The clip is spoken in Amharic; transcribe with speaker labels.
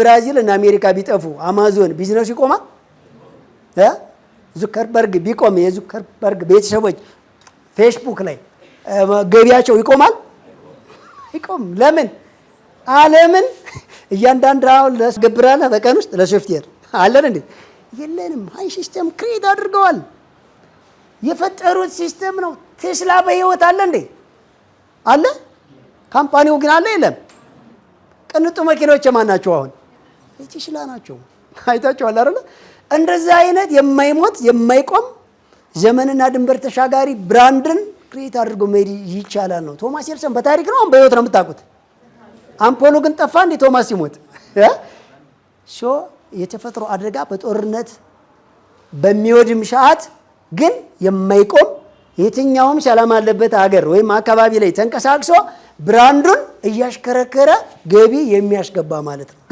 Speaker 1: ብራዚል እና አሜሪካ ቢጠፉ አማዞን ቢዝነሱ ይቆማል? ዙከርበርግ ቢቆም የዙከርበርግ ቤተሰቦች ፌስቡክ ላይ ገቢያቸው ይቆማል? ይቆም። ለምን? አለምን እያንዳንድ አሁን ለስገብራለ በቀን ውስጥ ለሶፍትዌር አለን እንዴ? የለንም። ሀይ ሲስተም ክሬት አድርገዋል። የፈጠሩት ሲስተም ነው። ቴስላ በህይወት አለ እንዴ? አለ። ካምፓኒው ግን አለ የለም? ቅንጡ መኪኖች የማን ናቸው አሁን? እቺ ሽላ ናቸው። አይታችኋል አይደለ? እንደዚህ አይነት የማይሞት የማይቆም ዘመንና ድንበር ተሻጋሪ ብራንድን ክሬት አድርጎ መሄድ ይቻላል ነው። ቶማስ ኤድሰን በታሪክ ነው በህይወት ነው የምታውቁት። አምፖሉ ግን ጠፋ እንዴ ቶማስ ሲሞት። ሶ የተፈጥሮ አደጋ በጦርነት በሚወድም ሰዓት ግን የማይቆም የትኛውም ሰላም አለበት ሀገር ወይም አካባቢ ላይ ተንቀሳቅሶ ብራንዱን እያሽከረከረ ገቢ የሚያስገባ ማለት ነው።